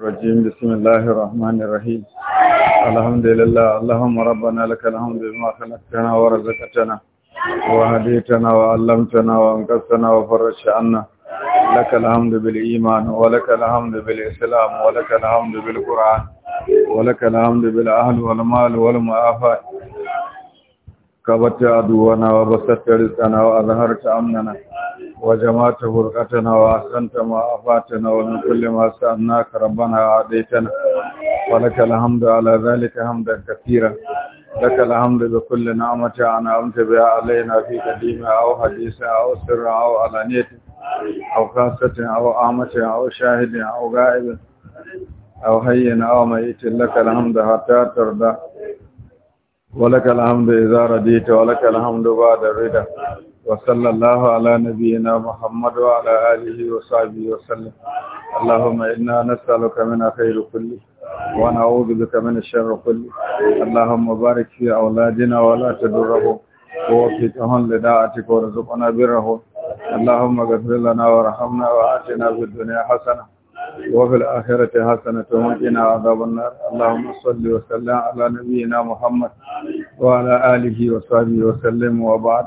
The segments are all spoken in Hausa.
الرجيم بسم الله الرحمن الرحيم الحمد لله اللهم ربنا لك الحمد بما خلقتنا ورزقتنا وهديتنا وعلمتنا وانقذتنا وفرجت عنا لك الحمد بالإيمان ولك الحمد بالإسلام ولك الحمد بالقرآن ولك الحمد بالأهل والمال والمعافاه كبت عدونا وبسطت رزقنا وأظهرت أمننا وجمعت فرقتنا وأحسنت ما أفاتنا ومن كل ما سألناك ربنا عاديتنا ولك الحمد على ذلك حمدا كثيرا لك الحمد بكل نعمة أنعمت بها علينا في قديمة أو حديثة أو سر أو علانية أو خاصة أو عامة أو شاهد أو غائب أو حي أو ميت لك الحمد حتى ترضى ولك الحمد إذا رديت ولك الحمد بعد الرضا وصلى الله على نبينا محمد وعلى آله وصحبه وسلم اللهم إنا نسألك من الخير كله ونعوذ بك من الشر كله اللهم بارك في أولادنا ولا تدرهم ووفقهم لداعتك وارزقنا برهم اللهم اغفر لنا وارحمنا وآتنا في الدنيا حسنة وفي الآخرة حسنة وقنا عذاب النار اللهم صل وسلم على نبينا محمد وعلى آله وصحبه وسلم وبعد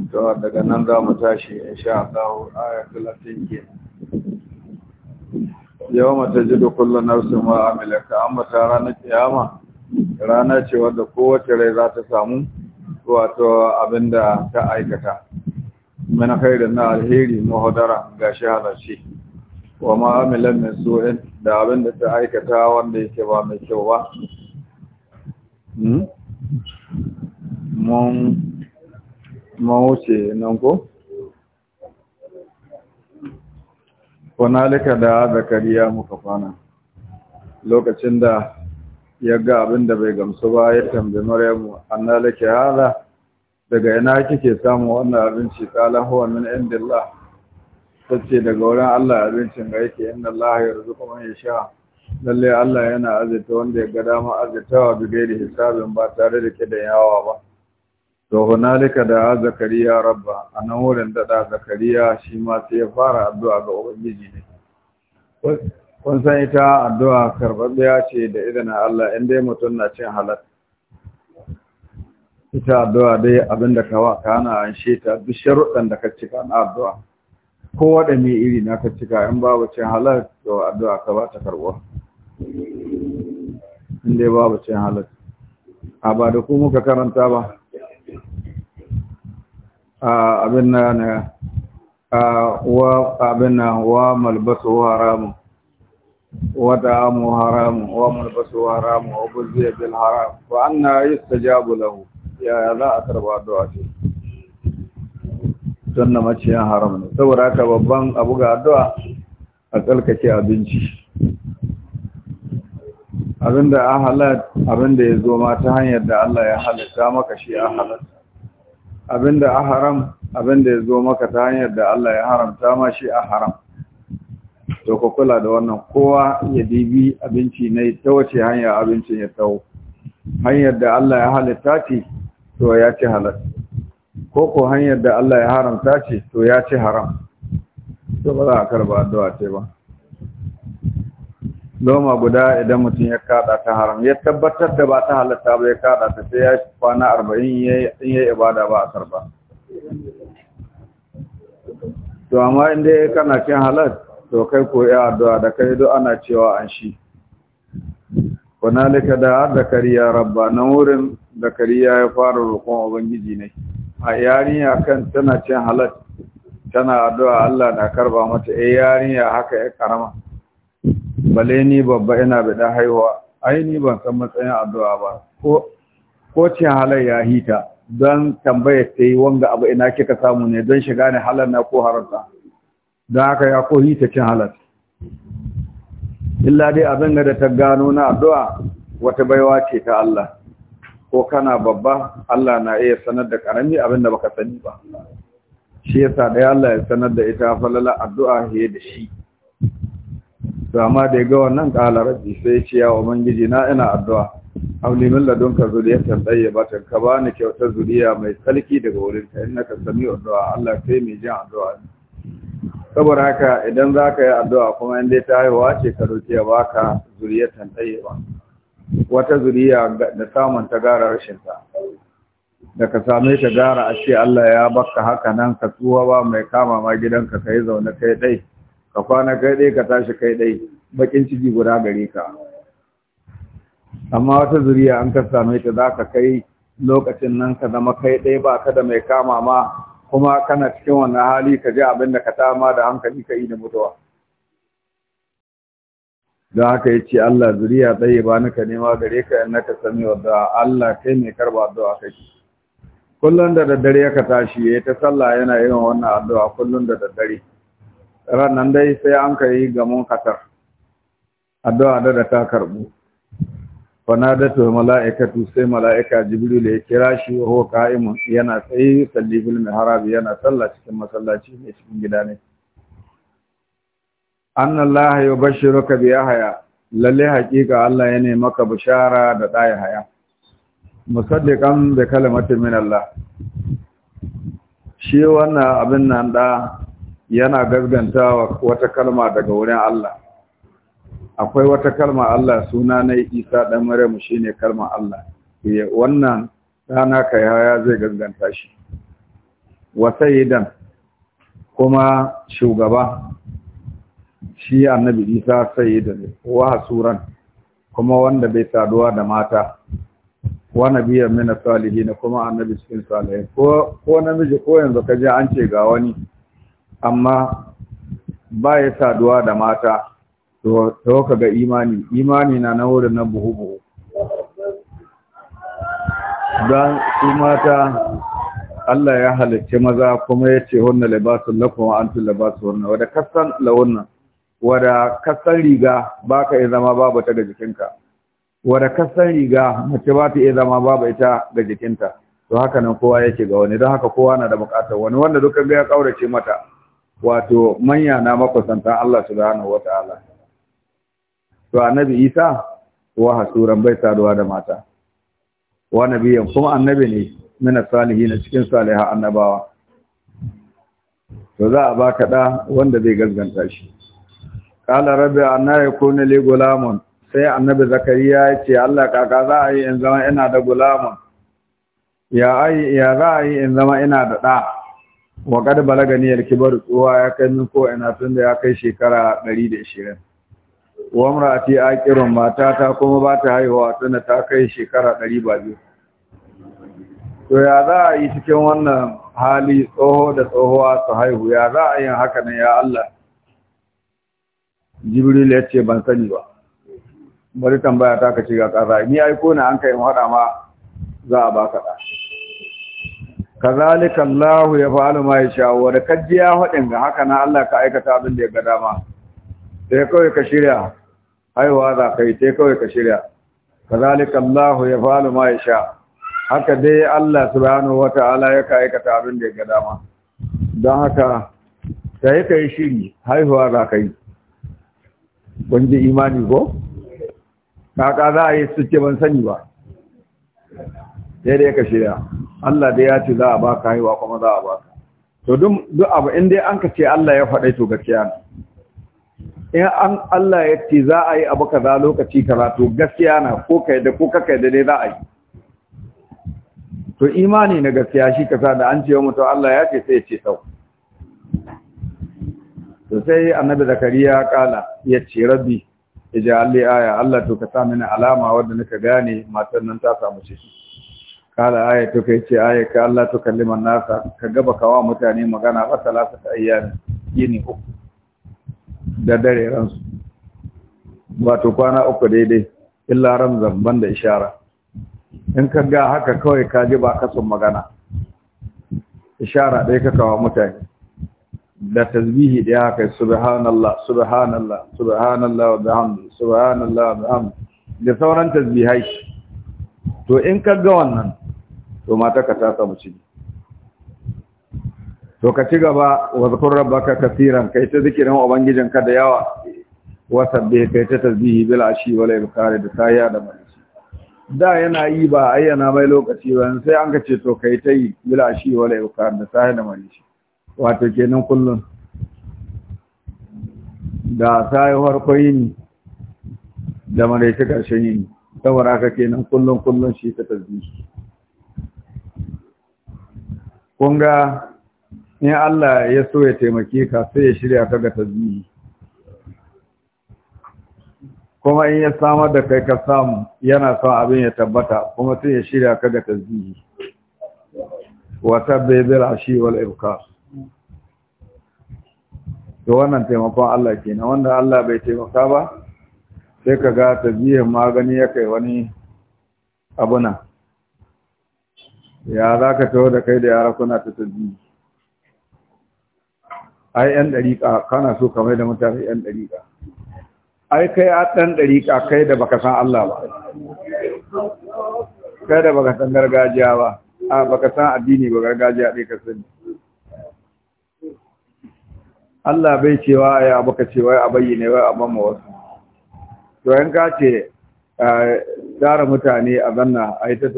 to daga nan za mu tashi sha Allah aya 30 kenan yawma tajidu kullu nafsu ma amilat amma ta ranar kiyama rana ce wadda kowace rai za ta samu wato abinda ta aikata mana khairin na alheri muhadara ga halarci. wa ma amilan min su'in da abinda ta aikata wanda yake ba mai kyau ba hmm? mun mawuce wuce nan ko kwanalika da zakariya muka kwana lokacin da ya ga abin da bai gamsu ba ya tambayi maryamu annalika hala daga ina kike samu wannan abinci kala huwa min indillah sace daga wurin Allah abincin ga yake inna Allah yarzuqu man yasha lalle Allah yana azurta wanda ya ga dama azurtawa bi gairi hisabin ba tare da kidan yawa ba to hunalika da zakariya rabba a nan wurin daɗa zakariya shi ma sai ya fara addu'a ga ubangiji ne kun san ita addu'a karɓaɓɓiya ce da idan Allah in dai mutum na cin halal ita addu'a dai abin da kawa kana an sheta duk sharuɗan da ka cika na addu'a ko waɗa mai iri na ka cika in babu cin halal to addu'a ka ba ta karɓuwa in dai babu cin halal a ba da ku muka karanta ba abin na wa abin na wa malbasu haramun wa da'amu haramun wa malbasu haramun wa buziya bil haram wa anna yustajabu lahu ya za a karba addu'a ce don na maciyan haram ne saboda haka babban abu ga addu'a a tsarkake abinci abinda a halat abinda ya zo ma ta hanyar da Allah ya halatta maka shi a halat abinda a haram abinda ya zo maka ta hanyar da Allah ya haramta ma shi a haram to ku kula da wannan kowa ya dibi abinci ne ta wace hanya abincin ya tawo hanyar da Allah ya halitta ce to ya ci halal ko ko hanyar da Allah ya haramta ce to ya ci haram to ba za a karba addu'a ce ba loma guda idan mutum ya kada ta haram ya tabbatar da ba ta halatta ba ya kada ta sai ya kwana arba'in in ya ibada ba a karba to amma in dai kana cin halal to kai ko ya addu'a da kai do ana cewa an shi kunalika da zakariya rabba nan wurin zakariya ya fara roƙon ubangiji ne a yarinya kan tana cin halal tana addu'a Allah na karba mata eh yarinya haka ya karama bale ni babba ina bidan haihuwa ai ban san matsayin addu'a ba ko ko cin halar ya hita don tambaye ta yi wanga abu ina kika samu ne dan shiga ne halar na ko harasa? dan haka ya ko hita cin halar illa dai abin da ta gano na addu'a wata baiwa ce ta Allah ko kana babba Allah na iya sanar da karami abin da baka sani ba shi yasa dai Allah ya sanar da ita falala addu'a he da shi Zama da ya ga wannan ƙala rabbi sai ce ya ubangiji na ina addu'a hauli min ladunka ba tayyibatan ka bani kyautar zuriya mai salki daga wurin ka innaka sami'u Allah sai mai jin addu'a saboda haka idan zaka yi addu'a kuma in dai ta haihuwa ce ka roki ya baka zuriyatan tayyiba wata zuriya da samun ta gara rashin ta da ka same ta gara a ce Allah ya baka haka nan ka tuwa ba mai kama ma gidanka kai zaune kai dai ka kwana kai ɗai ka tashi kai ɗai bakin ciki guda gare ka amma wata zuriya an ka same ta za ka kai lokacin nan ka zama kai ɗai ba ka da mai kama ma kuma kana cikin wannan hali ka ji abin da ka tama da hankali ka yi da mutuwa da haka ya ce Allah zuriya ɗaya ba ka nema gare ka yana ka sami wadda Allah kai mai karba addu'a kake kullum da daddare ya ka tashi ya ta sallah yana yin wannan addu'a kullum da daddare ranan dai sai an ka yi gamon katar addu'a da ta karbu fanadatu mala'ikatu sai mala'ika jibril ya kira shi wa huwa qa'imun yana tsaye salli bil mihrab yana sallah cikin masallaci ne cikin gida ne anna allah yubashshiruka bi yahya lalle haƙiƙa allah ya ne maka bishara da dai haya musaddiqan da kalimatin min allah shi wannan abin nan da yana gazganta wata kalma daga wurin Allah akwai wata kalma Allah suna na Isa dan Maryam shine kalma Allah eh, wannan dana kai haya zai gasganta shi wa sayyidan kuma shugaba shi annabi Isa sayyidan wa suran kuma wanda bai saduwa da mata wa nabiyya min salihin kuma annabi cikin salihin ko ko namiji ko yanzu kaje an ce ga wani amma ba ya saduwa da mata to ka ga imani imani na na wurin na buhu-buhu don su mata Allah ya halicci maza kuma ya ce wannan labasun lakum wa antum labasun wannan wada kasan lawunna wada kasan riga baka iya zama babu ta ga jikinka wada kasan riga mace ba ta iya zama babu ita ga jikinta to haka nan kowa yake ga wani don haka kowa na da bukatar wani wanda duka ga ya kaurace mata wato manya na makusantan Allah subhanahu wataala to annabi Isa wa hasuran bai saduwa da mata wa nabiyan kuma annabi ne min salihin cikin salihan annabawa to za a baka da wanda zai gazganta shi qala rabbi anna yakuna li gulamun sai annabi zakariya ya ce Allah kaka za a yi in zama ina da gulamun ya ai ya za a yi in zama ina da da'a wa kad ni al-kibar tsuwa ya kai min ko ina tun da ya kai shekara 120 wa amrati aqirun mata ta kuma ba ta haihuwa tun ta kai shekara 120 to ya za a yi cikin wannan hali tsoho da tsohuwa su haihu ya za a yin haka ne ya Allah Jibril ya ce ban sani ba bari tambaya ta ka ci ga kaza ni aiko na an kai in hada ma za a baka da kazalika Allahu ya fa'alu ma yasha wa da kajiya hadin ga haka na Allah ka aikata abin da ya ga dama sai kawai ka shirya haihuwa za kai sai kawai ka shirya kazalika Allahu ya fa'alu ma yasha haka dai Allah subhanahu wata'ala ya ka aikata abin da ya ga dama don haka sai ka yi shiri haihuwa za kai. kun ji imani ko kaka za a yi su ce ban sani ba sai dai ka shirya Allah dai ya ce za a baka haihuwa kuma za a baka to duk abu in dai an ka ce Allah ya faɗa to gaskiya ne in an Allah ya ce za a yi abu kaza lokaci kaza to gaskiya na ko kai da ko kai da dai za a yi to imani na gaskiya shi kasa da an ce wa mutum Allah ya ce sai ya ce sau to sai annabi zakariya kala ya ce rabbi ija alli aya Allah to ka sa mini alama wanda nika gane matan nan ta samu shi kala aya to kai ce aya ka Allah to kallima nasa ka gaba kawa mutane magana ba salasa ta ayyami yini uku da dare ransu wato kwana uku daidai illa ramzan banda ishara in ka ga haka kawai ka ji ba kasan magana ishara ɗaya ka kawo mutane da tasbihi da ya kai subhanallah subhanallah subhanallah wa bihamdi subhanallah wa bihamdi da sauran tasbihai to in ka ga wannan to mata ka ta samu ci to ka ci gaba wa zakur rabbaka kaseeran kai ta zikirin ka da yawa wa sabbe kai ta tasbihi bil ashi wal ibkar da tayya da malici da yana yi ba ayyana mai lokaci ba sai an ka ce to kai ta yi bil ashi wal ibkar da tayya da malici wato kenan kullun da sai farko yini da malici karshen yini saboda ke kenan kullum kullum shi ta tasbihi kun ga in Allah ya so ya taimake ka sai ya shirya ka ga tasbihi kuma in ya samar da kai ka samu yana son abin ya tabbata kuma sai ya shirya ka ga tasbihi wata tabbai bil ashi wal ibkar to wannan taimakon Allah kenan wanda Allah bai taimaka ba sai ka ga tabihin magani ya kai wani abuna ya za ka taho da kai da yara kuna ta tabihi ai yan ɗariƙa kana so kamar da mutane yan ɗariƙa ai kai a ɗan ɗariƙa kai da baka san Allah ba kai da baka san gargajiya ba a baka san addini ba gargajiya ɗai ka sani Allah bai cewa ya baka cewa a bayyane ba a ban wasu to yan ka ce tara mutane a zanna a yi ta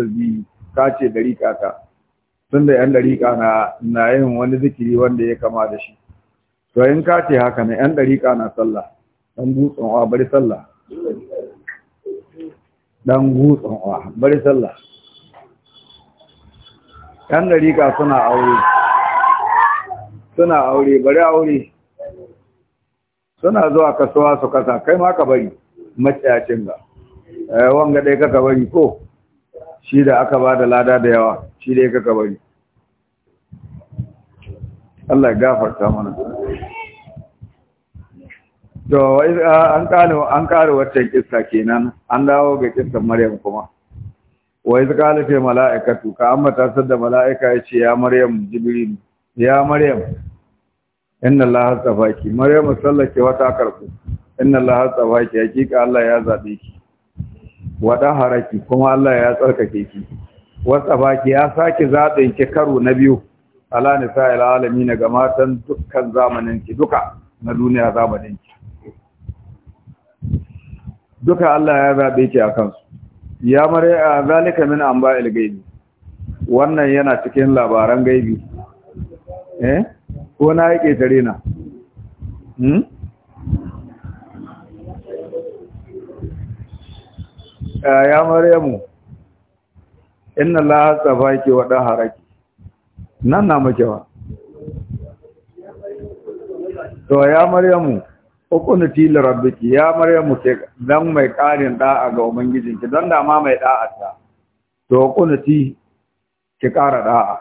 ka ce dariƙa ta tun da yan dariƙa na na yin wani zikiri wanda ya kama da shi to in ka ce haka na yan dariƙa na sallah don gutsun wa bari sallah don gutsun wa bari sallah yan dariƙa suna aure suna aure bari aure suna zuwa kasuwa su kasa kai ma ka bari matsayacin ga eh, wanga dai kaka bari ko shi da aka ba da lada da yawa shi dai kaka bari Allah ya gafarta mana to an kare an kare waccan kissa kenan an dawo ga kissan Maryam kuma wa iz qalat al mala'ikatu ka amma ta sadda mala'ika yace ya Maryam Jibril ya Maryam inna Allah astafaki Maryam sallake wata karku inna Allah tsaba ki hakika Allah ya zabe ki wada haraki kuma Allah ya tsarkake ki wasa baki ya saki zaben ki karo na biyu ala nisa'il na ga matan dukkan zamanin ki duka na duniya zamanin ki duka Allah ya zabe ki akan su ya mare zalika min ba'il gaibi wannan yana cikin labaran gaibi eh ko na yake tare na hmm ya maryamu inna allaha tsafaki wa daharaki nan na muke ba to ya maryamu ukunu til rabbiki ya maryamu ke dan mai karin a ga ubangijinki dan da ma mai da'a ta to ti ki kara da'a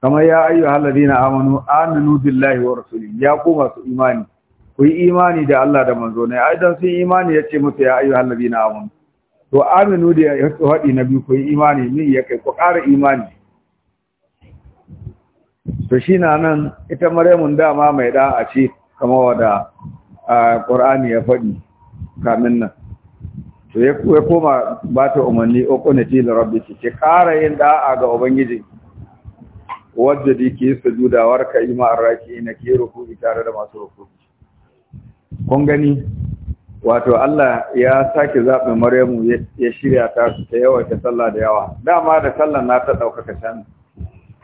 kamar ya ayyuhal ladina amanu aminu billahi wa rasuli ya ku masu imani ku yi imani da Allah da manzo ne ai dan sun imani yace musu ya ayu ladina amun to aminu da ya hadi nabi ku yi imani ni ya kai ku ƙara imani to shi na nan ita maryamun dama mai da a ce kamar wada qur'ani ya faɗi kamin nan to ya koma ba ta umarni uqunati li rabbiki ki ƙara yin da'a ga ubangiji wajjadi dike sujudawar warka ima arraki na ke ruku tare da masu ruku kun gani wato Allah ya sake zaɓe Maryamu ya shirya ta ta yawa ta sallah da yawa dama da sallah na ta ɗaukaka can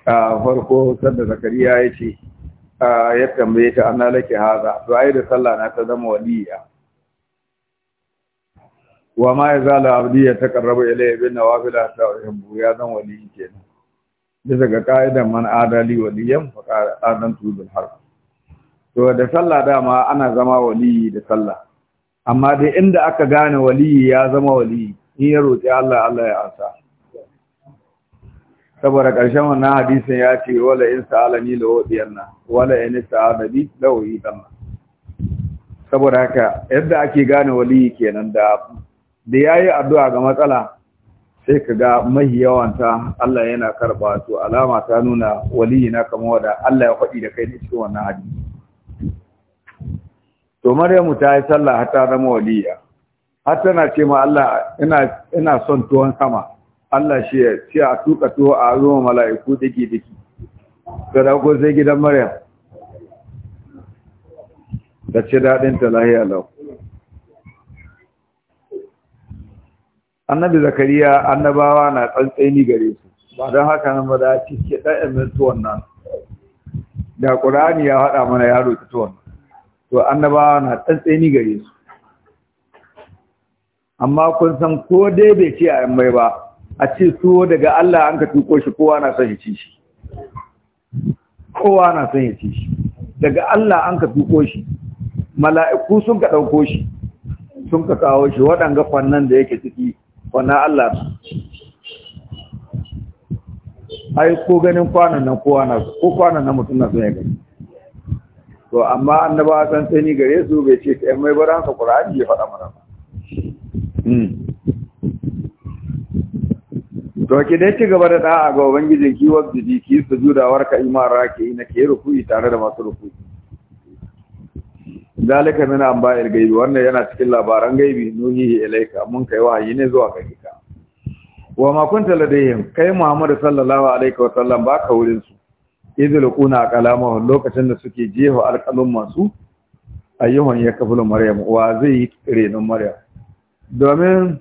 a farko sanda zakariya ya ce ya tambaye ta ana lake haza to ai da sallah na ta zama waliya wa ma ya zala abdi ya taqarraba ilayya bin nawafila ta ya zan wali kenan bisa ga ka'idan man adali waliyan fa adantu bil to da sallah dama ana zama waliyi da sallah amma dai inda aka gane waliyi ya zama waliyi in ya roƙi Allah Allah ya ansa saboda ƙarshen wannan hadisin ya ce wala in sa'alani la wadiyanna wala in sa'alani la wadiyanna saboda haka yadda ake gane waliyi kenan da da yayi addu'a ga matsala sai ka ga mahi yawanta Allah yana karba to alama ta nuna waliyi na kamar wada Allah ya faɗi da kai cikin wannan hadisi to maryamu ta yi sallah har ta zama waliya har tana ce ma Allah ina ina son tuwon sama Allah shi ya ce a tuka tuwo a zuwa mala'iku diki da ta dauko sai gidan maryam da ce daɗin ta lahiya lau annabi zakariya annabawa na ni gare su ba don haka nan ba da cike ɗan tuwon nan da ƙur'ani ya haɗa mana yaro ta tuwon to annabawa na tsantseni gare su amma kun san ko dai bai ce a mai ba a ce su daga Allah an ka tuko shi kowa na son ya ci shi kowa na son ya ci shi daga Allah an ka tuko shi mala'iku sun ka ɗauko shi sun ka kawo shi waɗanga kwannan da yake ciki wannan Allah ai ko ganin kwanan nan kowa na ko kwanan nan mutum na son ya gani to amma annaba san tsani gare su bai ce kai mai bara ka qur'ani ya fada mana hmm. to ki da ci gaba da da'a ga ubangijin ki wasu ki su judawar ka imara ke na ke ruku'i tare da masu ruku'i zalika min amba'il gaibi wannan yana cikin labaran gaibi nuhihi ilaika mun kai wahayi ne zuwa ga ka wa ma kunta ladayhim kai Muhammad sallallahu alaihi wa sallam baka wurin su idil kuna kalamahu lokacin da suke jefa alƙalun masu ayyuhun ya maryam wa zai yi renon maryam domin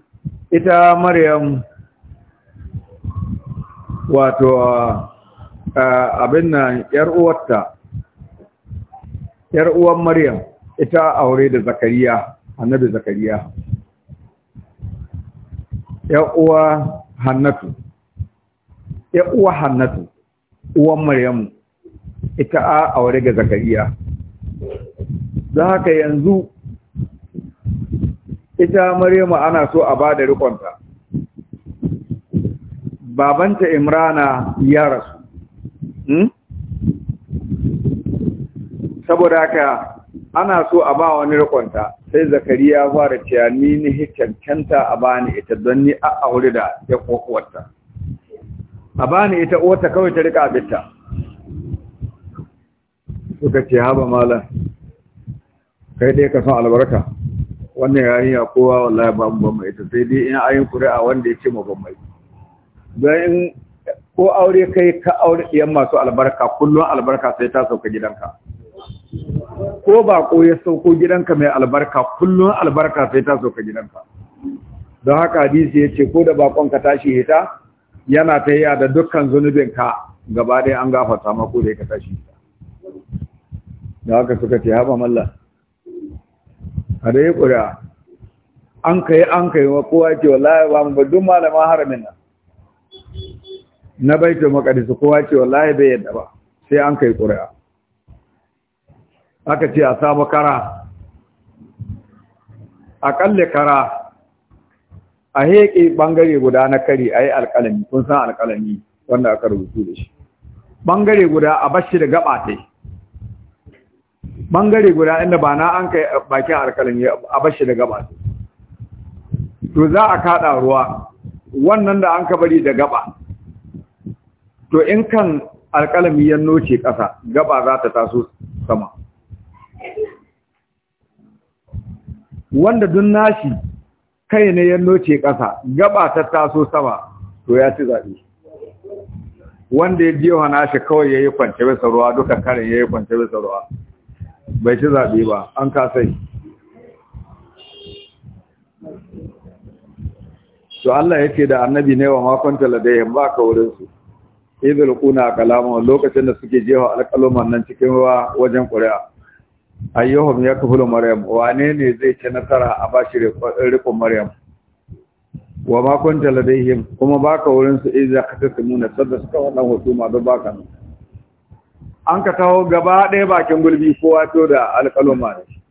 ita maryam wato abin nan yar uwarta yar uwan maryam ita aure da zakariya annabi zakariya yar uwa hannatu yar uwa hannatu uwan maryamu ita a aure ga zakariya Za haka yanzu ita maryamu ana so a ba da rikonta babanta imrana ya rasu hmm? saboda haka ana so a ba wani rikonta sai zakariya fara cewa ni ni hikkantanta a bani ita don ni a aure da ya kokowarta a bani ita uwarta kawai ta rika abinta suka ce haba malam kai dai ka san albarka wannan ya kowa wallahi ba mu mai ita sai dai in ayin kuri'a wanda ya ce mu ban mai don ko aure kai ka aure ɗiyan masu albarka kullum albarka sai ta sauka gidanka ko ba ko ya sauko gidanka mai albarka kullum albarka sai ta sauka gidanka don haka hadisi ya ce ko da ka tashi hita yana ta yi da dukkan zunubinka gaba ɗaya an gafarta ko da ka tashi da haka suka ce haɓa mallah a da yi ƙuri'a an ka yi an ka yi wa kowa ce wallahi ba mu baddun malaman haramin nan na baitul maqdis kowa ce wallahi bai yadda ba sai an kai ƙuri'a aka ce a samu kara a kara a heƙe ɓangare guda na kare a yi alƙalami kun san alƙalami wanda aka rubutu da shi ɓangare guda a bashi da gaba ta ɓangare guda inda ba na an kai bakin alƙalami a bashi da gaba ta to za a kaɗa ruwa wannan da an ka bari da gaba to in kan alƙalami ya noce ƙasa gaba za ta taso sama wanda dun nashi kai ne ya noce ƙasa gaba ta taso sama to ya ci zaɓe wanda ya biyo hana shi kawai ya yi kwance bisa ruwa duka karin ya yi kwance bisa ruwa bai ci zaɓe ba an kasai to Allah ya ce da annabi ne wa makonta ya ba ka wurinsu idul kuna kalama lokacin da suke jewa alkaloman nan cikin ruwa wajen ƙuri'a ayyuhum ya kafulu maryam wane ne zai ci nasara a bashi rikon maryam wa ma kunta ladaihim kuma baka wurin su idza qatatumuna sadda suka wannan ma don baka an ka tawo gaba ɗaya bakin gulbi ko wato da alƙaluma ne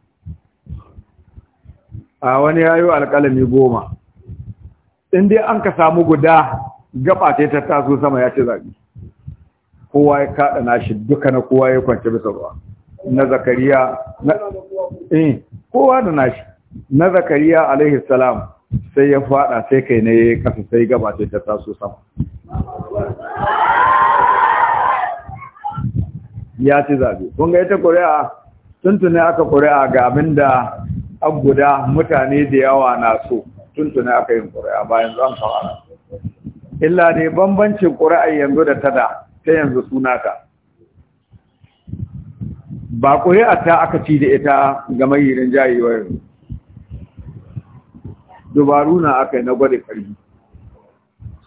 a wani yayo alƙalami goma in dai an ka samu guda gaba ta taso sama ya ci zabi kowa ya kaɗa nashi duka na kowa ya kwance bisa ruwa na zakariya eh kowa da nashi na zakariya alaihi salam sai ya fada sai kai ne kasa sai gaba sai ta taso sama ya ci zabe kun ga ita ƙuri'a tuntuni aka ƙuri'a ga abinda an guda mutane da yawa na so tuntuni aka yin ƙuri'a bayan zan fara illa ne bambancin kuri'a yanzu da tada ta yanzu sunata ba ƙuri'a ta aka ci da ita ga mayirin jayewar dubaru na aka yi na gwada ƙarfi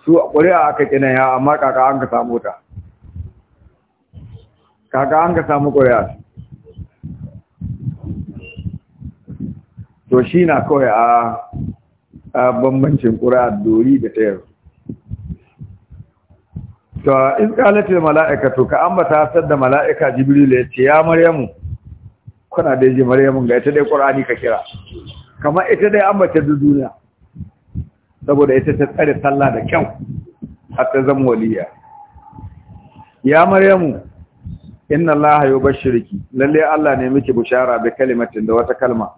su ƙuri'a aka ƙina ya amma kaka an ka samu ta kaka an ka samu ƙuri'a to shi na kawai a bambancin ƙuri'a dori da tayar to in mala'ika mala'ikatu ka ambata sadda mala'ika jibril ya ce ya maryamu kuna da ji maryamu ga ita dai qur'ani ka kira kamar ita dai ambata duniya saboda ita ta tsare sallah da kyau har ta zama waliya ya maryamu inna allaha yubashshiriki lalle allah ne miki bushara da kalimatin da wata kalma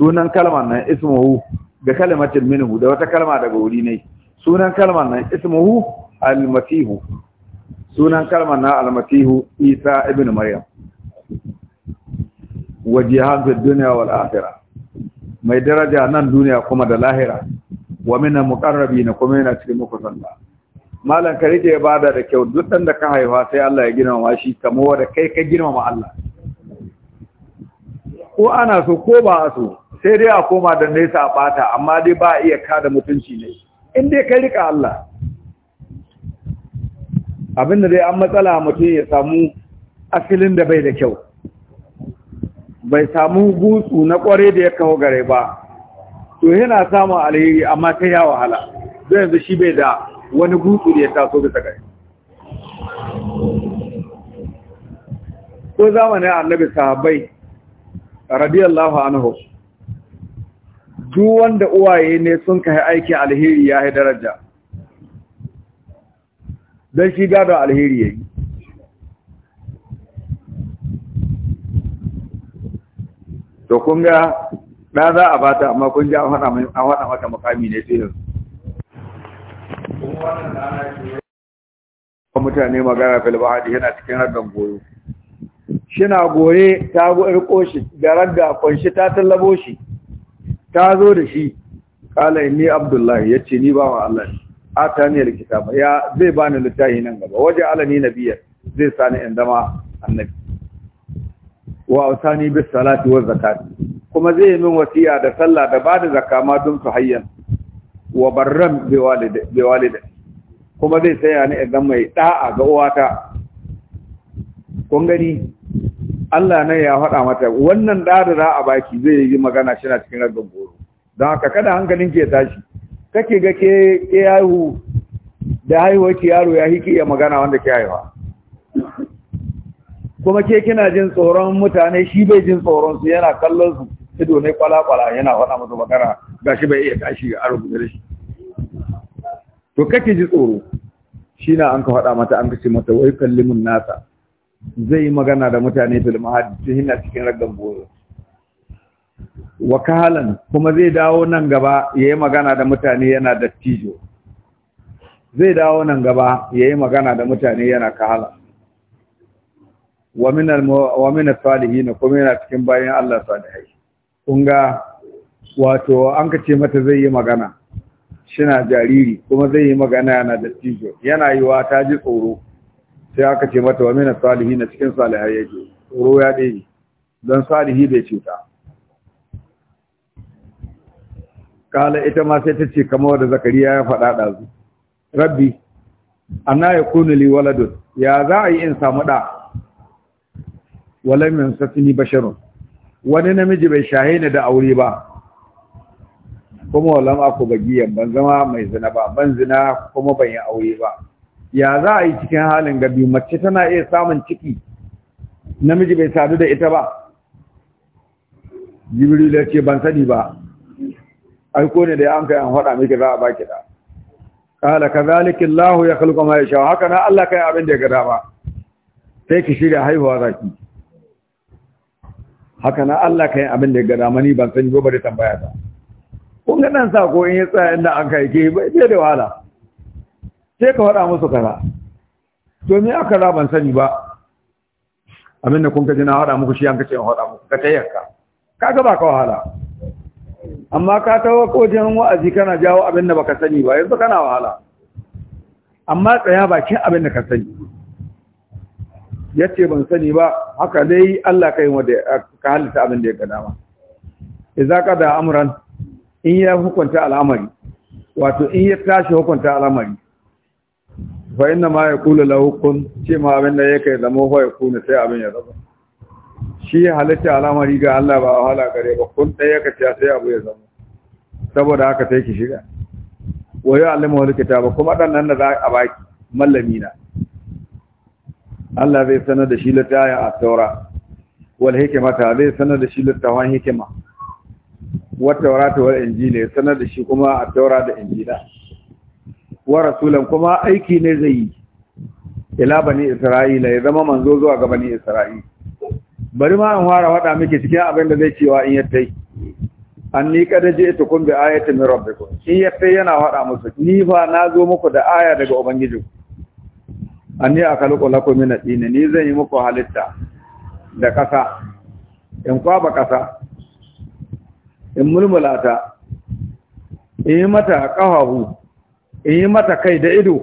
sunan kalman nan ismuhu da kalimatin minhu da wata kalma daga wuri ne sunan kalmar nan ismuhu almasihu sunan kalmar na almasihu isa ibn maryam wajihan fi dunya wal akhirah mai daraja nan duniya kuma da lahira wa min muqarrabin kuma yana cikin makusanta malan ka rike bada da kyau duk dan da ka haifa sai Allah ya girmama shi kamar wanda kai ka girmama Allah ko ana so ko ba a so sai dai a koma da nesa a bata amma dai ba iya kada mutunci ne in dai kai rika Allah abin da dai an matsala mutum ya samu asilin da bai da kyau bai samu gutsu na kware da ya kawo gare ba to yana samun alheri amma ta yawa wahala zai yanzu shi bai da wani gutsu da ya taso bisa gare ko zamanin annabi sahabbai radiyallahu anhu duk wanda uwaye ne sun kai aiki alheri ya yi daraja don shi gado alheri ya yi to kun ga na za a bata amma kun ji an hada mata makami ne sai kuma mutane magana filbahadi yana cikin radon goyo na goye ta goyar koshi da radda kunshi ta tallabo shi ta zo da shi kala ni abdullahi ya ce ni ba wa Allah a ta ne kitaba. ya zai ba ni littafi nan gaba waje alani biyar zai sani in zama annabi wa ausani bis salati wa zakat kuma zai yi min wasiya da sallah da ba da zakka ma don su hayyan wa barram bi walida bi walida kuma zai saya ni idan mai da'a ga uwata kun gani Allah ne ya faɗa mata wannan da da za a baki zai yi magana shi na cikin raggan gobe don haka kada hankalin ki ya tashi kake ga ke ke haihu da haihuwa yaro ya hiki ya magana wanda ke haihuwa kuma ke kina jin tsoron mutane shi bai jin tsoron su yana kallon su ido ne kwala-kwala yana faɗa musu magana gashi bai iya tashi a rubuta da shi to kake ji tsoro shi na an ka faɗa mata an ka ce mata wai kallimin nasa zai yi magana da mutane fil mahadi shi na cikin raggan boyo wakalan kuma zai dawo nan gaba ya yi magana da mutane yana dattijo zai dawo nan gaba ya yi magana da mutane yana kahala wa salihi na kuma yana cikin bayan Allah salihai kun ga wato an ka ce mata zai yi magana shina jariri kuma zai yi magana yana dattijo yana wa ta ji tsoro sai aka ce mata wa salihi na cikin salihai ce tsoro ya ɗaya don salihi bai cuta kala ita ma sai ta ce kamar wanda zakariya ya faɗa ɗazu rabbi anna ya kunu li waladun ya za a yi in samu ɗa walam yansatini basharun wani namiji bai shahina da aure ba kuma walam aku bagiyan ban zama mai zina ba ban zina kuma ban yi aure ba ya za a yi cikin halin gabi mace tana iya samun ciki namiji bai sadu da ita ba jibril ya ce ban sani ba ai ko ne da an kai an faɗa miki za a baki da kala kadhalika Allah ya khalqa ma yasha haka na Allah kai abin da ya gada ba sai ki shirya haihuwa zaki haka na Allah kai abin da ya gada mani ban san gobe da tambaya ta kun ga nan sako in ya tsaya inda an kai ke bai da wahala sai ka faɗa musu kaza to me aka ra ban sani ba abin da kun ka jina hada muku shi an kace in haɗa muku ka tayyaka kaga ba ka wahala amma ka tawo kojin wa'azi kana jawo abin da baka sani ba yanzu kana wahala amma tsaya bakin abin da ka sani yace ban sani ba haka dai Allah kai wanda ka halitta abin da ya gada ma idza qada amran in ya hukunta al'amari wato in ya tashi hukunta al'amari fa inna ma yaqulu lahu kun cewa abin da yake zama ya kuna sai abin ya zama shi halitta al'amari ga Allah ba wahala gare ba kun ɗaya ka ciya sai abu ya zama saboda haka sai ki shiga wayo alimu wal wani kitaba kuma dan nan da za a baki mallami na Allah zai sanar da shi littafin a taura wal ta zai sanar da shi littafin hikima wata taurata wal injili sanar da shi kuma a taura da injila wa rasulan kuma aiki ne zai yi ila bani isra'ila ya zama manzo zuwa ga bani isra'ila bari ma in fara faɗa miki cikin abin da zai cewa in yattai ni kada je ta kun bi ayati min rabbikum in yattai yana faɗa musu ni fa na zo muku da aya daga ubangiji An anni akaluqu lakum min adini ni zan yi muku halitta da kasa in kwaba kasa in mulmulata in yi mata kafahu in yi mata kai da ido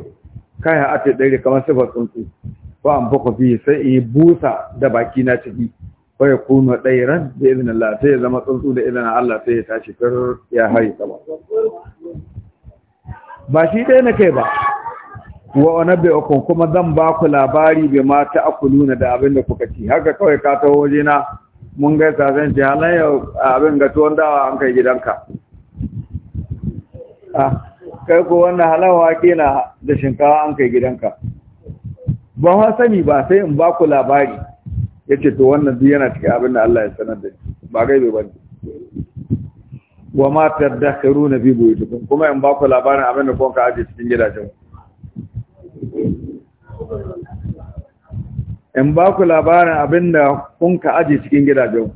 kai a ta dare kamar sifar tsuntsu ba an bako fi sai in yi busa da baki na ciki fa ya kuma ɗairan da izini Allah sai ya zama tsuntsu da izini Allah sai ya tashi fir ya hari sama ba shi ɗaya na kai ba wa onabe okun kuma zan ba ku labari bai ma ta akuluna da abin da kuka ci haka kawai ka ta waje na mun gaisa zan ce halayya abin ga tuwon dawa an kai gidanka ah kai ko wannan halawa na da shinkawa an kai gidanka ba ha sani ba sai in ba ku labari yace to wannan duk yana cikin abin da Allah ya sanar da ba bai ba wa ma tadakhiruna fi buyutikum kuma in ba ku labarin abin da kuka aje cikin gidajen in ba ku labarin abin da kuka aje cikin gidajen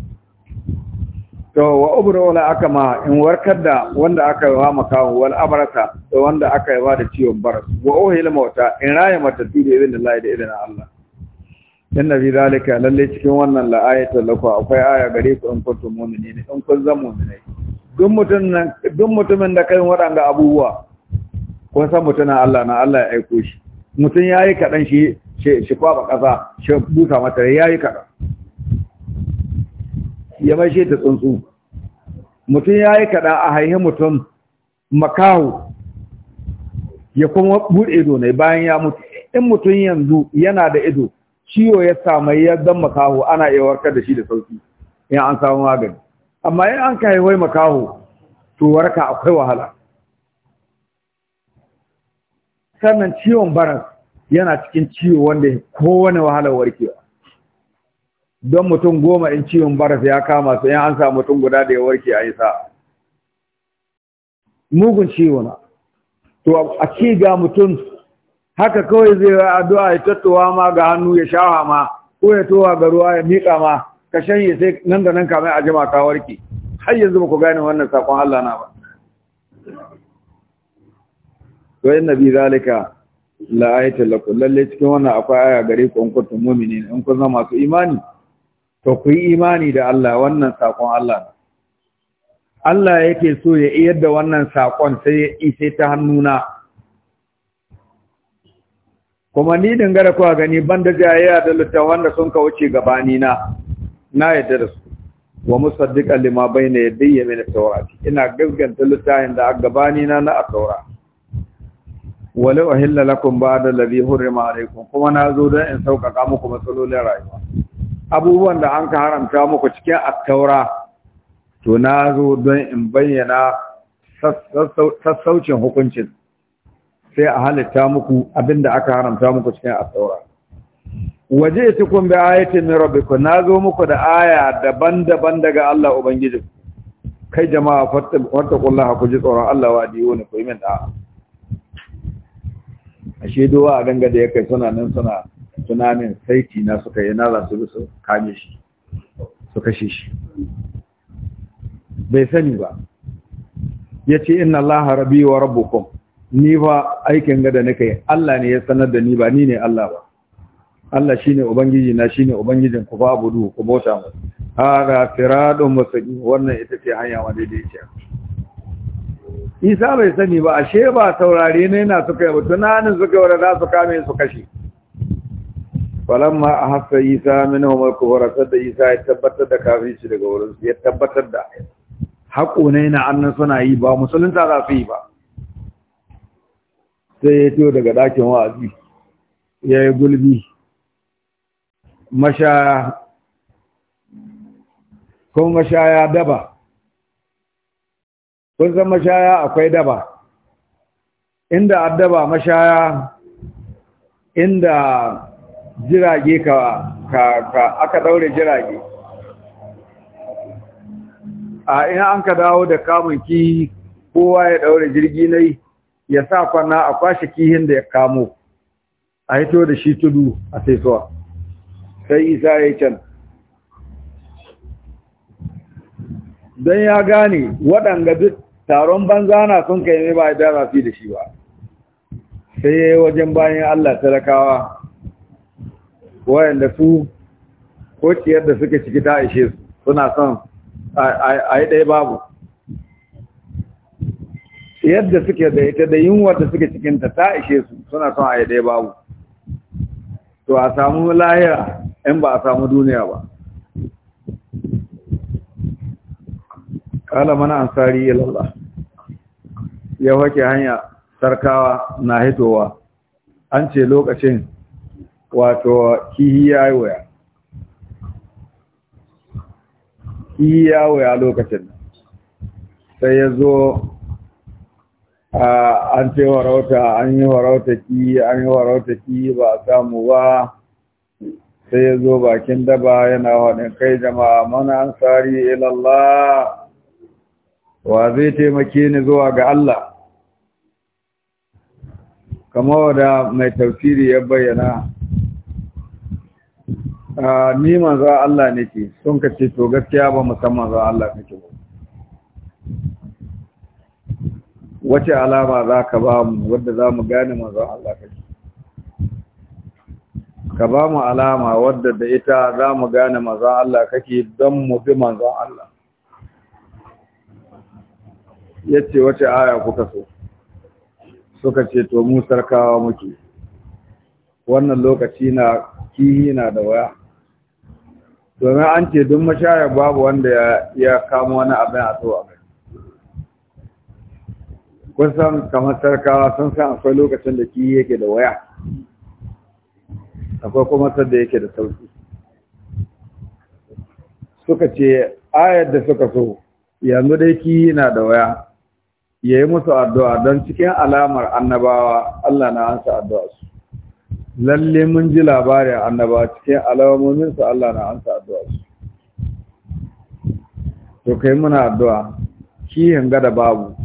to wa ubra wala akama in warkar da wanda aka yi wa makawo wal abrata da wanda aka yi wa da ciwon bar wa ohil mota in raye mata tudu ibn Allah da idan Allah inna bi zalika lalle cikin wannan ayatul lako akwai aya gare ku in kuntum mu'minin in kun zan mu'minai duk mutum duk mutumin da kai waɗanda abubuwa ko san mutuna Allah na Allah ya aiko shi mutum yayi kadan shi shi kwaba kasa shi busa mata yayi kadan ya mai shi ta tsuntsu mutum yayi kadan a haihi mutum makahu ya kuma bude ido ne bayan ya mutu in mutum yanzu yana da ido ciwo ya samu ya zan makaho ana iya warkar da shi da sauki in an samu magani amma in an kai wai makaho to warka akwai wahala sannan ciwon baras yana cikin ciwo wanda kowane wahalar warkewa don mutum goma in ciwon baras ya kama su in an samu mutum guda da ya warke a yi mugun ciwo na to a ci ga mutum haka kawai zai yi addu'a ya tattowa ma ga hannu ya shawa ma ko ya towa ga ruwa ya miƙa ma ka shanye sai nan da nan kamar a jima ka warke har yanzu ba ku gane wannan sakon Allah na ba to yin nabi zalika la ayata lakum lalle cikin wannan akwai aya gare ku in kuntum mu'minin in kun zama masu imani to ku yi imani da Allah wannan sakon Allah Allah yake so ya iyar da wannan sakon sai ya ise ta hannuna kuma ni dangara kuwa gani banda jayayya da littawan da sun ka wuce gabani na na yadda da su wa musaddiqan lima bayna yadayya min at-tawrat ina gaskanta littafin da gabani na na at-tawrat walau ahilla lakum ba'da alladhi hurrima alaykum kuma na zo don in sauƙaƙa muku matsalolin rayuwa abubuwan da an ka haramta muku cikin at-taura to na zo don in bayyana sassaucin hukuncin sai a halitta muku abinda aka haramta muku cikin asaura waje ta kun bi ayatin min na zo muku da aya daban-daban daga Allah ubangiji kai jama'a fattaqullaha ku ji tsoron Allah wa diyo ne ku yi min da ashe duwa a ganga da yake suna nan suna tunanin saiti na suka yi nazar su su kame shi su kashe shi bai sani ba yace inna allaha rabbi wa rabbukum ni ba aikin gada kai. Allah ne ya sanar da ni ba ni ne Allah ba Allah shi ne ubangiji na shi ne ubangijin ku ba duhu, ku bauta mu haka firadun musaki wannan ita ce hanya wanda da yake Isa bai sani ba ashe ba taurare ne na suka yi ba tunanin suka wanda za su kame su kashe falamma ahassa Isa minhum al kubara sadda Isa ya tabbatar da kafirci daga wurin ya tabbatar da haƙo ne na annan suna yi ba musulunta za su yi ba sai ya fito daga ɗakin wa'azi ya yi gulbi mashaya ko mashaya daba kun san mashaya akwai daba inda addaba mashaya inda jirage ka, ka, ka aka daure jirage a ina an ka dawo da kamun ki kowa ya daure jirgi nai ya sa kwana a kwashe kihin da ya kamo a hito da shi tudu a saisuwa sai isa ya can don ya gane waɗanda duk taron banza na sun kai ne ba a dara fi da shi ba sai ya yi wajen bayan allah talakawa wayanda su ko ciyar da suka ciki ta ishe suna son a yi ɗaya babu yadda suke da ita da yunwa da suke cikinta ta ishe su suna son a yi babu to a samu lahira in ba a samu duniya ba kala mana ansari ilallah ya wake hanya sarkawa na hitowa an ce lokacin wato kihi ya yi waya kihi ya waya lokacin sai ya zo Ah, an ce warauta an yi warauta ki an yi warauta ki ba samu ba sai ya zo bakin daba yana waɗin kai jama'a mana an tsari ilallah wa zai taimake ni zuwa ga Allah kama wada mai tafsiri ya bayyana ah, ni manzo Allah nake sun ka ce to gaskiya ba musamman za Allah kake ba wace alama za ka ba mu wadda za mu gane manzon Allah kake ka ba mu alama wadda da ita za mu gane manzon Allah kake don mu bi manzon Allah yace wace aya kuka so suka ce to mu sarkawa muke wannan lokaci na kihi na da waya domin an ce duk mashayar babu wanda ya kama wani abin a tsohon kun san kamar sarkawa sun san akwai lokacin da kiyi yake da waya akwai kuma da yake da sauki suka ce ayar da suka so yanzu dai kiyi na da waya yayi musu addu'a don cikin alamar annabawa Allah na ansa addu'a su lalle mun ji labarin annabawa cikin alamomin su Allah na ansa addu'a su to kai muna addu'a ki hanga da babu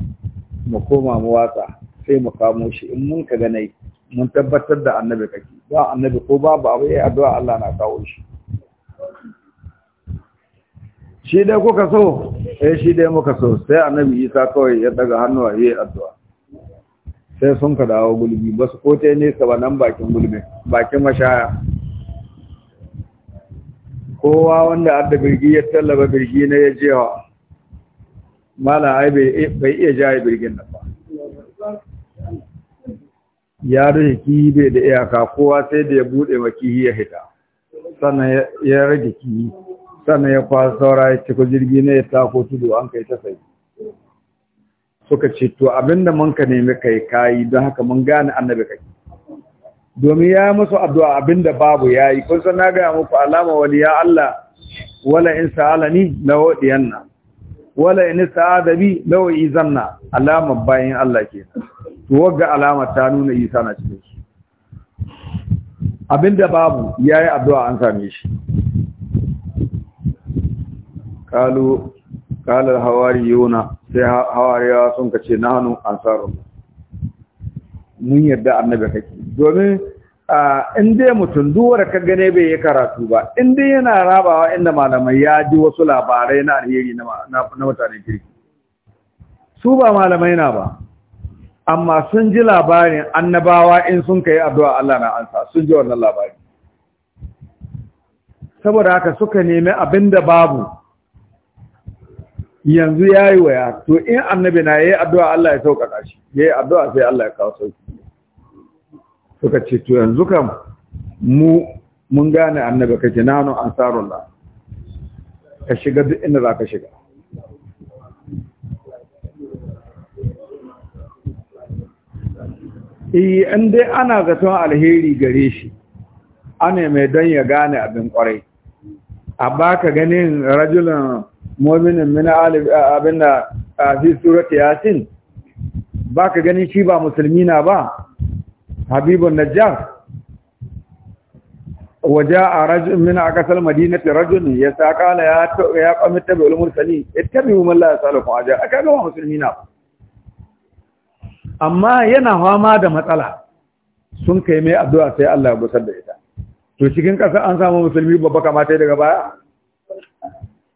mu koma mu watsa sai mu kamo shi in mun ka ganai mun tabbatar da annabi kake ba annabi ko babu abu ya addu'a Allah na kawo shi shi dai kuka so eh shi dai muka so sai annabi Isa kawai ya daga hannuwa ya yi addu'a sai sun ka dawo gulbi ba su kote nesa ba nan bakin gulbi bakin mashaya kowa wanda adda birgi ya tallaba birgi na ya jewa mala ai bai iya jaye birgin nan ba ya rage kihi bai da iyaka kowa sai da ya bude makihi ya hita sannan ya rage kihi sannan ya kwasa saura ya jirgi ne ya tako tudu an kai ta sai suka ce to abinda mun ka nemi kai kayi don haka mun gane annabi kai domin ya musu addu'a abinda babu yayi kun san na ga muku alama waliya Allah wala in sa'alani wadiyan nan wala in sa'ada bi law izanna alamar bayin Allah ke to wagga alama ta nuna isa na cikin su abinda babu yayi addu'a an same shi kalu kalar hawariyuna sai hawariya sun kace nanu ansarullah mun yarda annabi kake domin in dai mutum duwar ka gane bai yi karatu ba in dai yana rabawa inda malamai ya ji wasu labarai na alheri na mutane kirki su ba malamai na ba amma sun ji labarin annabawa in sun kai addu'a Allah na ansa sun ji wannan labari saboda haka suka nemi abin da babu yanzu ya yi waya to in annabi na yi addu'a Allah ya sauƙaƙa shi yi addu'a sai Allah ya kawo sauki suka ce to yanzu kam mu mun gane annabi kake nanu ansarullah ka shiga duk inda za ka shiga eh in dai ana zaton alheri gare shi, ana mai don ya gane abin kwarai. A baka ka ganin rajulun min mina abinda a fi surati yasin, ba ka ganin shi ba musulmi na ba, حبيب najjar وجاء رجل من aqsal madinati رجل yasaqala ya ya قوم اتبعوا المرسلين اتبعوا من لا yasalukum ajra aka مسلمين musulmina amma yana fama da matsala sun kai mai addu'a sai Allah ya busar da ita to cikin kasa an samu musulmi babba kamata daga baya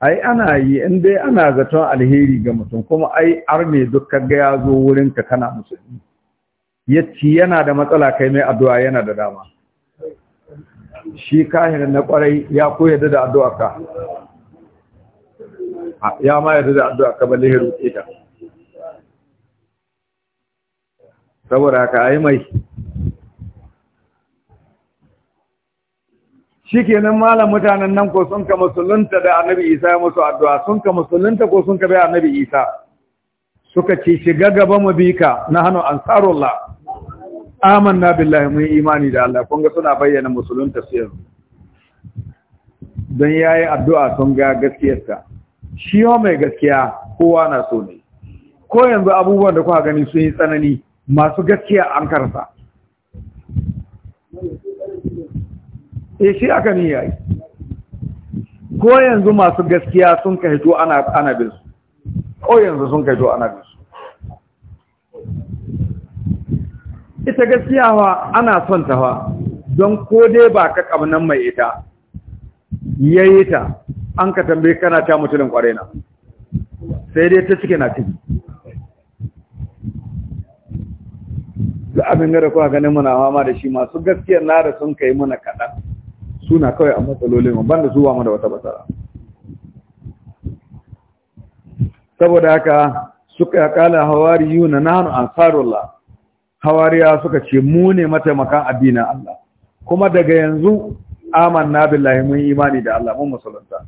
ai ana yi in dai ana zaton alheri ga mutum kuma ai arme dukkan ga ya zo wurin ka kana musulmi ci yana da matsala kai mai addu'a yana da dama shi kahirin na kwarai ya koyar da addu'a ka ya ma yadda da addu'a ka balle ya rute ka saboda haka yi mai shikenan malam mutanen nan ko sun ka musulunta da annabi isa ya musu addu'a sun ka musulunta ko sun ka bai annabi isa suka ce shiga gaba mabika ka na hannu ansarullah amanna billahi mun imani da Allah kun ga suna bayyana musulun su Don ya yayi addu'a sun ga gaskiyarsa shi yawa mai gaskiya kowa na so ne ko yanzu abubuwan da kuka gani sun yi tsanani masu gaskiya an karsa e eh, shi aka ni yayi ko yanzu masu gaskiya sun ka hito ana ana bin su ko yanzu sun ka hito ana bin su ita gaskiya wa ana son ta wa don ko dai ba ka kamnan mai ita yayi ta an ka tambaye kana ta mutulin kware na sai dai ta cike na ciki da abin da kuwa ganin muna mama da shi masu gaskiyar na da sun kai muna kaɗan suna kawai a matsalolin mu banda zuwa mu da wata basara saboda haka suka kala hawari yuna nanu ansarullah hawariya suka ce mu ne mataimakan addinin Allah kuma daga yanzu amanna billahi mun imani da Allah mun musulunta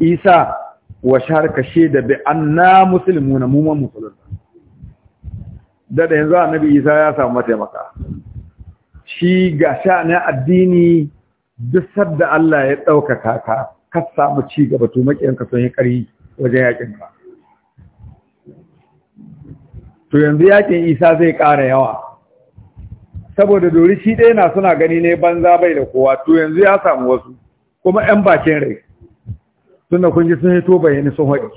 Isa wa sharka shaida bi anna muslimuna mu mun musulunta da yanzu annabi Isa ya samu mataimaka shi ga sha'anin addini duk sabda Allah ya ɗaukaka ka ka samu ci gaba to makiyanka sun yi ƙari wajen yakin ka to yanzu yakin Isa zai ƙara yawa saboda dori shi ɗaya na suna gani ne banza bai da kowa to yanzu ya samu wasu kuma 'yan bakin rai suna kun ji sun hito bayani sun haɗi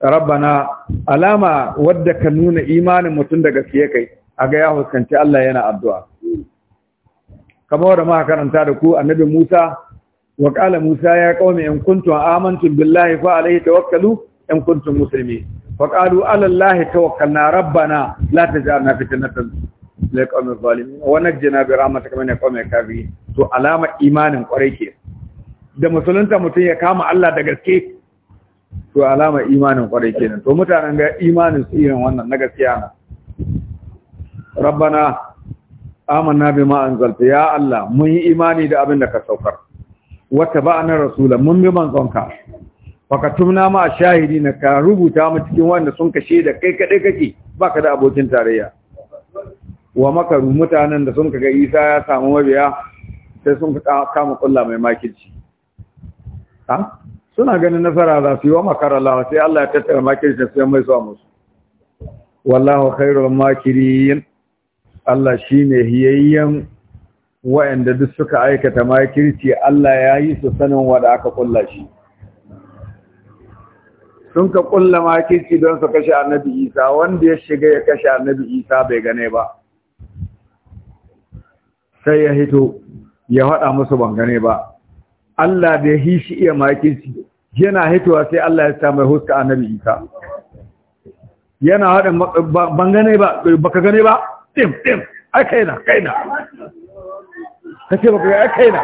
rabbana alama wadda ka nuna imanin mutum da gaskiya kai a ga ya huskanci Allah yana addu'a kamar da muka karanta da ku annabi Musa wa qala Musa ya qaumi in kuntum amantum billahi fa alayhi tawakkalu in kuntum muslimin Ta فقالوا على الله توكلنا ربنا لا تجعلنا فتنة للقوم الظالمين ونجنا برحمتك من القوم الكافرين to alama imanin kwarai ke da musulunta mutum ya kama Allah da gaske to alama imanin kwarai kenan to mutanen ga imanin su irin wannan na gaskiya na rabbana amanna bima anzalta ya Allah mun yi imani da abin da ka saukar wata ba'ana rasula mun bi manzonka fakatumna ma shahidi na ka rubuta mu cikin wanda sun kashe da kai kadai kake baka da abokin tarayya wa makaru mutanen da sun kaga Isa ya samu mabiya sai sun kama kulla mai makirci ha suna ganin nasara za su yi wa makara Allah sai Allah ya tattara makirci sai mai zuwa musu wallahu khairul makirin Allah shine hiyayyen wa'anda duk suka aikata makirci Allah ya yi su sanin wanda aka kulla shi sun ka kulla makirci don su kashe annabi isa wanda ya shiga ya kashe annabi isa bai gane ba sai ya hito ya haɗa musu ban gane ba Allah da ya shi iya makirci yana hitowa sai Allah ya sa mai huska annabi isa yana haɗa ban gane ba baka gane ba tim tim ai kaina kaina kace baka ga kaina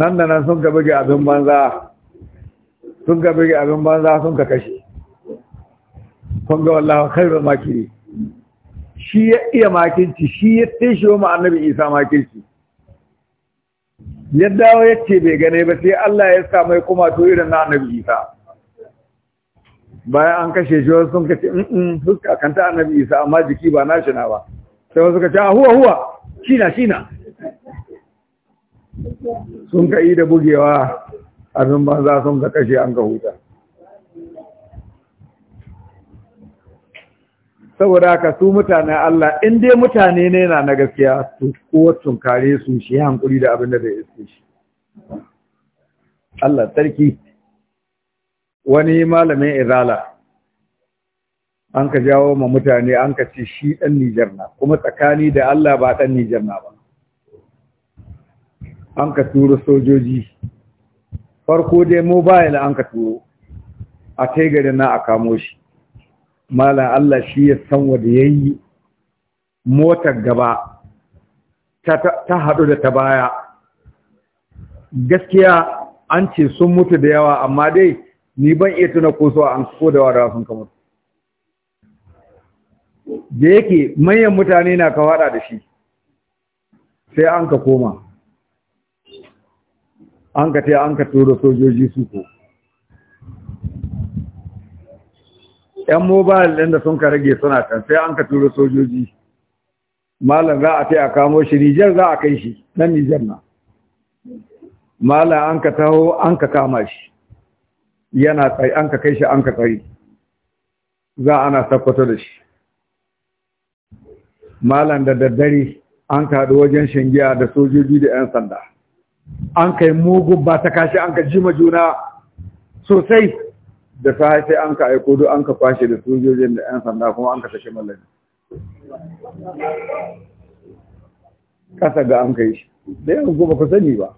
nan da nan sun ka buge abin banza sun ka bige abin banza sun ka kashe kun ga wallahu khairu makiri shi ya iya makinci shi ya tashi wa annabi isa makinci ya dawo ya ce bai gane ba sai Allah ya sa mai kuma to irin na annabi isa bayan an kashe shi wasu sun kace in fuska kan ta annabi isa amma jiki ba na shi na ba sai wasu kace a ah, huwa huwa shi na shi na. sun ka yi da bugewa abin banza sun ka kashe an ka huta saboda haka su mutanen Allah in dai mutane ne na na gaskiya su kowacin kare su shi hankuri da abin da bai iske shi Allah sarki wani malamin izala an ka jawo ma mutane an ka ce shi ɗan Nijar na kuma tsakani da Allah ba ɗan Nijar na ba an ka turo sojoji farko dai mu mobile an ka turo a kai gari na a kamo shi malam Allah shi ya san wanda yayi motar gaba ta haɗu da ta baya gaskiya an ce sun mutu da yawa amma dai ni ban iya tuna ko so an ko da wadawa sun kamar da yake manyan mutane na ka da shi sai an ka koma an ka ta an ka turo sojoji su ko yan mobile ɗin da sun ka rage suna kan sai an ka turo sojoji malam za a ta a kamo shi nijar za a kai shi nan nijar na malam an ka taho an ka kama shi yana tsaye an ka kai shi an ka tsaye za ana sakwato da shi malam da daddare an kaɗu wajen shingiya da sojoji da 'yan sanda an kai mugun ba ta kashi an ka jima juna sosai da sa sai an ka aiko duk an ka kwashe da sojojin da 'yan sanda kuma an ka sake mallaki kasa ga an kai shi da yawan goma ku sani ba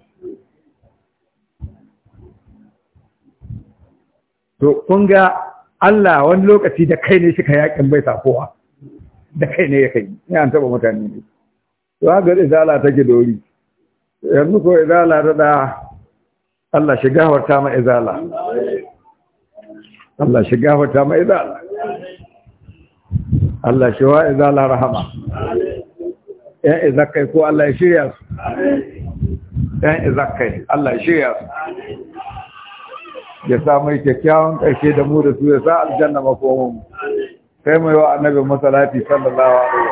to kun ga Allah wani lokaci da kai ne shi ka yakin bai safowa da kai ne ya kai ne an taba mutane ne to haka da ta take dori yanzu ko izala da da Allah shi gafarta ma izala Allah shi gafarta ma izala Allah shi wa izala rahama yan izakai ko Allah ya shirya su yan izakai Allah ya shirya su ya samu kyakkyawan ƙarshe da mu da su ya sa aljanna makomin kai mai wa annabi masalati sallallahu alaihi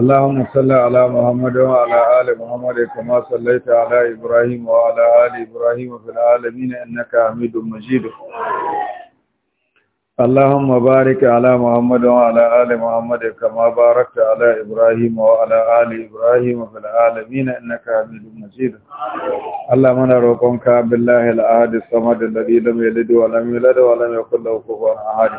اللهم صل على محمد وعلى آل محمد كما صليت على إبراهيم وعلى آل إبراهيم في العالمين إنك حميد مجيد اللهم بارك على محمد وعلى آل محمد كما باركت على إبراهيم وعلى آل إبراهيم في العالمين إنك حميد مجيد اللهم نروقك بالله الأحد الصمد الذي لم يلد ولم يولد ولم يكن له كفوا أحد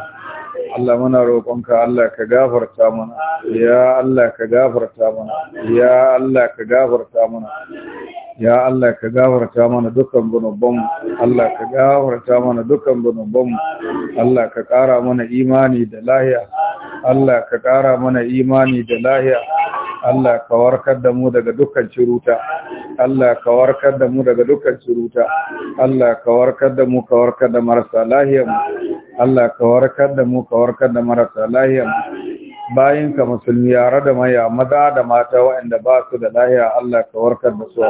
Allah muna roƙonka Allah ka gafarta mana ya Allah ka gafarta mana ya Allah ka gafarta mana ya Allah ka gafarta mana dukkan gunubban Allah ka gafarta mana dukkan gunubban Allah ka ƙara mana imani da lahiya Allah ka ƙara mana imani da lahiya Allah ka warkar da mu daga dukkan ciruta Allah ka warkar da mu daga dukkan ciruta Allah ka warkar da mu ka warkar da marasa lahiyar mu Allah ka warkar da mu ka warkar da marasa lahiya bayin ka musulmi yare da maya maza da mata waɗanda ba su da lahiya Allah ka warkar da su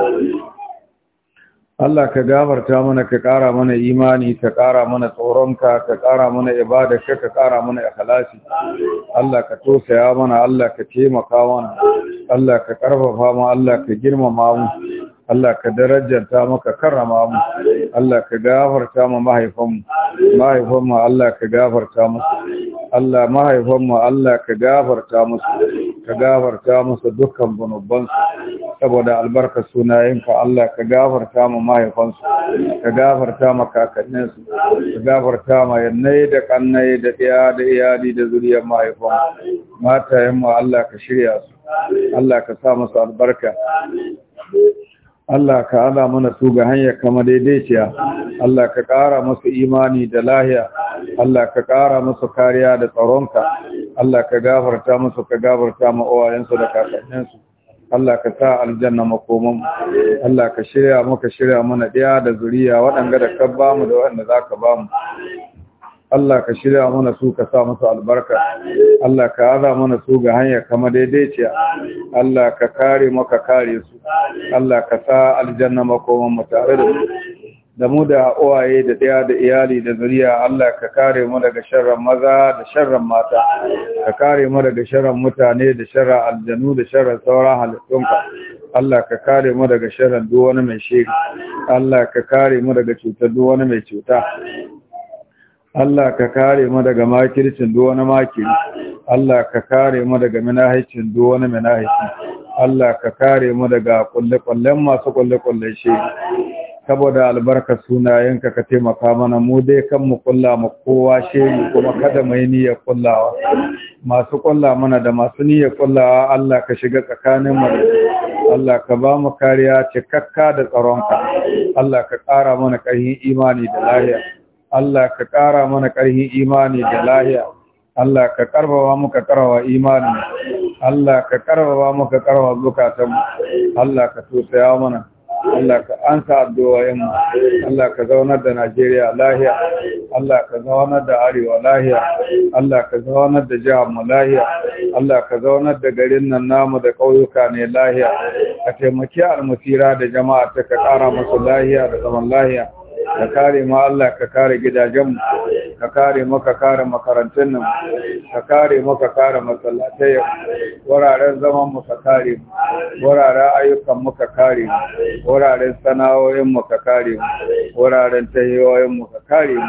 Allah ka gafarta mana ka ƙara mana imani ka ƙara mana tsoronka ka ƙara mana ibada ka ka ƙara mana ikhlasi Allah ka tosaya mana Allah ka taimaka mana Allah ka ƙarfafa mu Allah ka girmama mu Allah ka darajanta maka karrama mu Allah ka gafarta mu mahaifanmu mahaifanmu Allah ka gafarta musu Allah mahaifanmu Allah ka gafarta musu ka gafarta musu dukkan zunubansu saboda albarka sunayenka Allah ka gafarta mu mahaifansu ka gafarta mu kakanninsu ka gafarta mu yannai da kannai da iya da iyali da zuriyar mahaifanmu matayenmu Allah ka shirya su Allah ka sa musu albarka Allah ka ala mana su ga hanyar kama daidaiciya Allah ka ƙara masu imani da lahiya Allah ka ƙara masu kariya da tsaronka Allah ka gafarta masu ka gafarta ma'uwayensu da kakanninsu Allah ka sa aljanna makoman Allah ka shirya maka shirya mana ɗaya da zuriya waɗanda da ka bamu da waɗanda za ka bamu Allah ka shirya mana su ka sa musu albarka Allah ka haza mana su ga hanya kama daidaiciya Allah ka kare maka kare su Allah ka sa aljanna makoman mu tare da su da mu da uwaye da ɗaya da iyali da zuriya Allah ka kare mu daga sharran maza da sharran mata ka kare mu daga sharran mutane da sharran aljanu da sharran sauran halittunka Allah ka kare mu daga sharran duk wani mai shiri Allah ka kare mu daga cutar duk wani mai cuta Allah ka kare mu daga makircin duk wani makiri Allah ka kare mu daga minahicin duk wani minahici Allah ka kare mu daga kulle-kullen masu kulle-kulle shi saboda albarka sunayenka ka taimaka mana mu dai kan mu kulla mu kowa shi kuma kada mu yi niyyar kullawa masu kulla mana da masu niyyar kullawa Allah ka shiga tsakanin mu Allah ka ba mu kariya cikakka da tsaronka Allah ka kara mana kai imani da lafiya Allah ka ƙara mana ƙarhin imani da lahiya Allah ka karbawa muka karwa imani Allah ka karbawa muka karwa zukatan Allah ka tosaya mana Allah ka ansa addu'o'in mu Allah ka zaunar da Najeriya lahiya Allah ka zaunar da Arewa lahiya Allah ka zaunar da jihar mu lahiya Allah ka zaunar da garin nan namu da ƙauyuka ne lahiya ka taimaki almusira da jama'a ta ka ƙara masu lahiya da zaman lahiya ka kare ma Allah ka kare gidajenmu ka kare mu ka kare makarantun nan ka kare mu ka kare masallatai wuraren zaman mu ka kare mu wuraren ayyukan mu ka kare mu wuraren sana'o'in mu ka kare mu wuraren tayoyin mu ka kare mu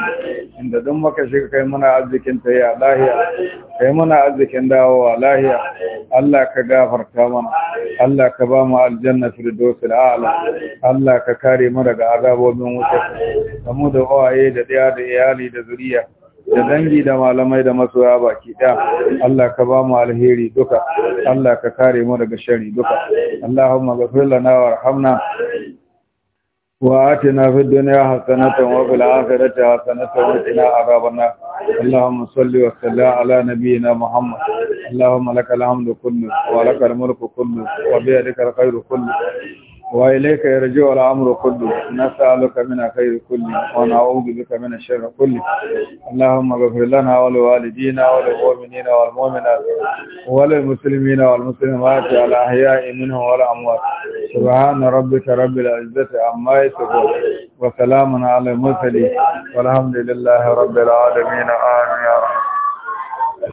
inda duk muka shiga kai muna arzikin tahiya lahiya kai muna arzikin dawowa lahiya Allah ka gafarta mana Allah ka ba mu aljanna firdausil a'la Allah ka kare mu daga azabobin wuta kamu da wawaye da daya da iyali da zuriya da dangi da malamai da masoya baki daya Allah ka ba mu alheri duka Allah ka kare mu daga shari duka Allahumma ghfir lana warhamna wa atina fid dunya hasanatan wa fil akhirati hasanatan wa qina adhaban اللهم صل وسلم على نبينا محمد اللهم لك الحمد mulku ولك الملك كله وبيدك الخير كله وإليك يرجع الأمر كله نسألك من خير كله ونعوذ بك من الشر كله اللهم اغفر لنا ولوالدينا وللمؤمنين والمؤمنات وللمسلمين والمسلمات الأحياء منهم والأموات سبحان ربك رب العزة عما يصفون وسلام على المرسلين والحمد لله رب العالمين آمين يا رب